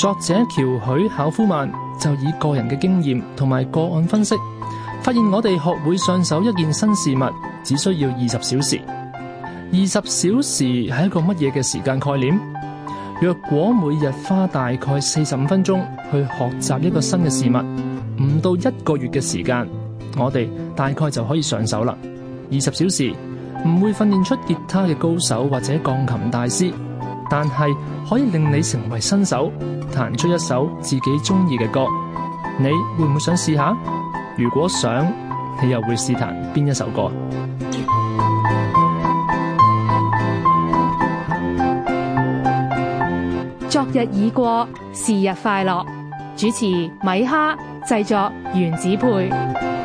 作者喬許考夫曼就以個人嘅經驗同埋個案分析，發現我哋學會上手一件新事物，只需要二十小時。二十小時係一個乜嘢嘅時間概念？若果每日花大概四十五分鐘去學習一個新嘅事物，唔到一個月嘅時間，我哋大概就可以上手啦。二十小時唔會訓練出吉他嘅高手或者鋼琴大師。但係可以令你成為新手，彈出一首自己中意嘅歌，你會唔會想試下？如果想，你又會試彈邊一首歌？昨日已過，是日快樂。主持米哈，製作原子配。